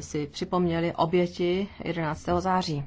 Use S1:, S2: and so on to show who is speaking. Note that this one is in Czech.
S1: si připomněli oběti 11. září.